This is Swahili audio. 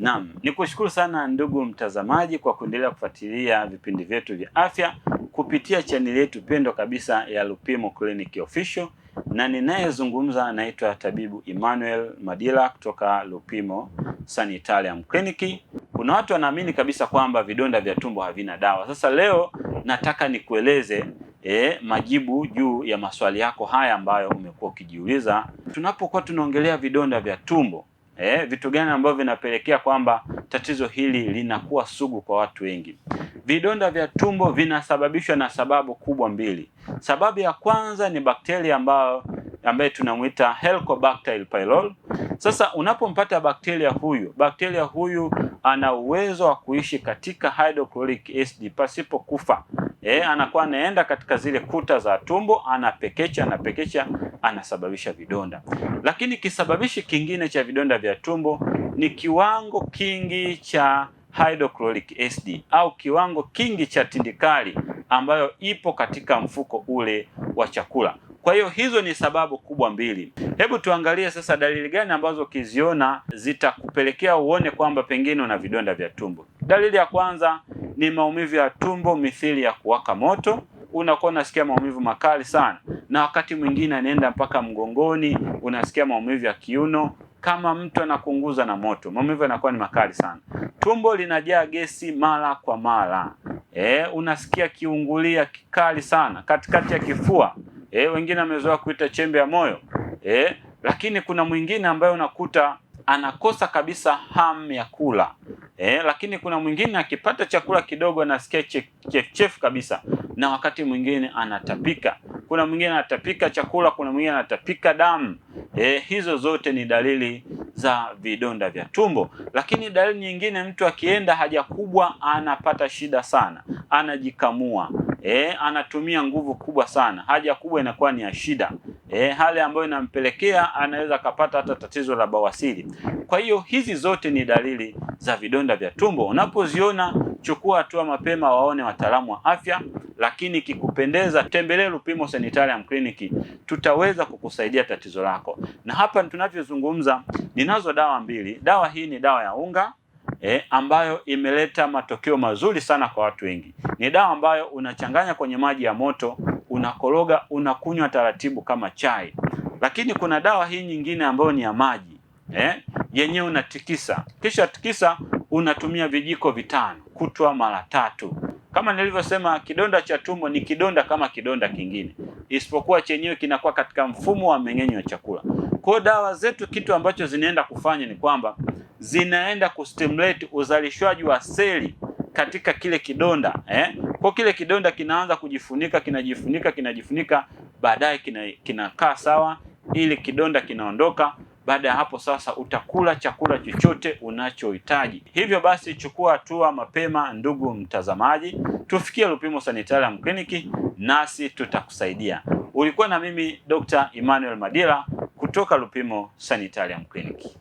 Naam, ni kushukuru sana ndugu mtazamaji kwa kuendelea kufuatilia vipindi vyetu vya afya kupitia chaneli yetu pendo kabisa ya Lupimo Clinic Official, na ninayezungumza anaitwa Tabibu Emmanuel Madila kutoka Lupimo Sanitarium Clinic. Kuna watu wanaamini kabisa kwamba vidonda vya tumbo havina dawa. Sasa leo nataka nikueleze E, majibu juu ya maswali yako haya ambayo umekuwa ukijiuliza. Tunapokuwa tunaongelea vidonda vya tumbo, eh, vitu gani ambavyo vinapelekea kwamba tatizo hili linakuwa sugu kwa watu wengi. Vidonda vya tumbo vinasababishwa na sababu kubwa mbili. Sababu ya kwanza ni bakteria ambayo ambaye tunamwita Helicobacter pylori. Sasa unapompata bakteria huyu, bakteria huyu ana uwezo wa kuishi katika hydrochloric acid pasipo kufa e, anakuwa anaenda katika zile kuta za tumbo, anapekecha anapekecha, anasababisha vidonda. Lakini kisababishi kingine cha vidonda vya tumbo ni kiwango kingi cha hydrochloric acid au kiwango kingi cha tindikali ambayo ipo katika mfuko ule wa chakula. Kwa hiyo hizo ni sababu kubwa mbili. Hebu tuangalie sasa dalili gani ambazo ukiziona zitakupelekea uone kwamba pengine una vidonda vya tumbo. Dalili ya kwanza ni maumivu ya tumbo mithili ya kuwaka moto. Unakuwa unasikia maumivu makali sana, na wakati mwingine anaenda mpaka mgongoni, unasikia maumivu ya kiuno kama mtu anakunguza na moto, maumivu yanakuwa ni makali sana. Tumbo linajaa gesi mara kwa mara. E, unasikia kiungulia kikali sana katikati ya kifua. E, wengine wamezoea kuita chembe ya moyo. E, lakini kuna mwingine ambaye unakuta anakosa kabisa hamu ya kula eh, lakini kuna mwingine akipata chakula kidogo anasikia chefchefu kabisa, na wakati mwingine anatapika. Kuna mwingine anatapika chakula, kuna mwingine anatapika damu eh, hizo zote ni dalili za vidonda vya tumbo. Lakini dalili nyingine, mtu akienda haja kubwa anapata shida sana, anajikamua eh, anatumia nguvu kubwa sana, haja kubwa inakuwa ni ya shida eh, hali ambayo inampelekea anaweza akapata hata tatizo la bawasiri. Kwa hiyo hizi zote ni dalili za vidonda vya tumbo. Unapoziona chukua hatua mapema, waone wataalamu wa afya, lakini kikupendeza, tembelea Lupimo Sanitarium Clinic, tutaweza kukusaidia tatizo lako. Na hapa tunavyozungumza, ninazo dawa mbili. Dawa hii ni dawa ya unga E, ambayo imeleta matokeo mazuri sana kwa watu wengi. Ni dawa ambayo unachanganya kwenye maji ya moto unakoroga, unakunywa taratibu kama chai. Lakini kuna dawa hii nyingine ambayo ni ya maji eh, yenyewe unatikisa, kisha tikisa, unatumia vijiko vitano kutwa mara tatu. Kama nilivyosema, kidonda cha tumbo ni kidonda kama kidonda kingine, isipokuwa chenyewe kinakuwa katika mfumo wa mmeng'enyo wa chakula. Kwa dawa zetu, kitu ambacho zinaenda kufanya ni kwamba zinaenda kustimulate uzalishwaji wa seli katika kile kidonda eh, kwa kile kidonda kinaanza kujifunika, kinajifunika, kinajifunika, baadaye kinakaa kina sawa, ili kidonda kinaondoka. Baada ya hapo sasa utakula chakula chochote unachohitaji. Hivyo basi chukua hatua mapema, ndugu mtazamaji, tufikie Lupimo Sanitarium Kliniki nasi tutakusaidia. Ulikuwa na mimi Dr. Emmanuel Madila kutoka Lupimo Sanitarium Kliniki.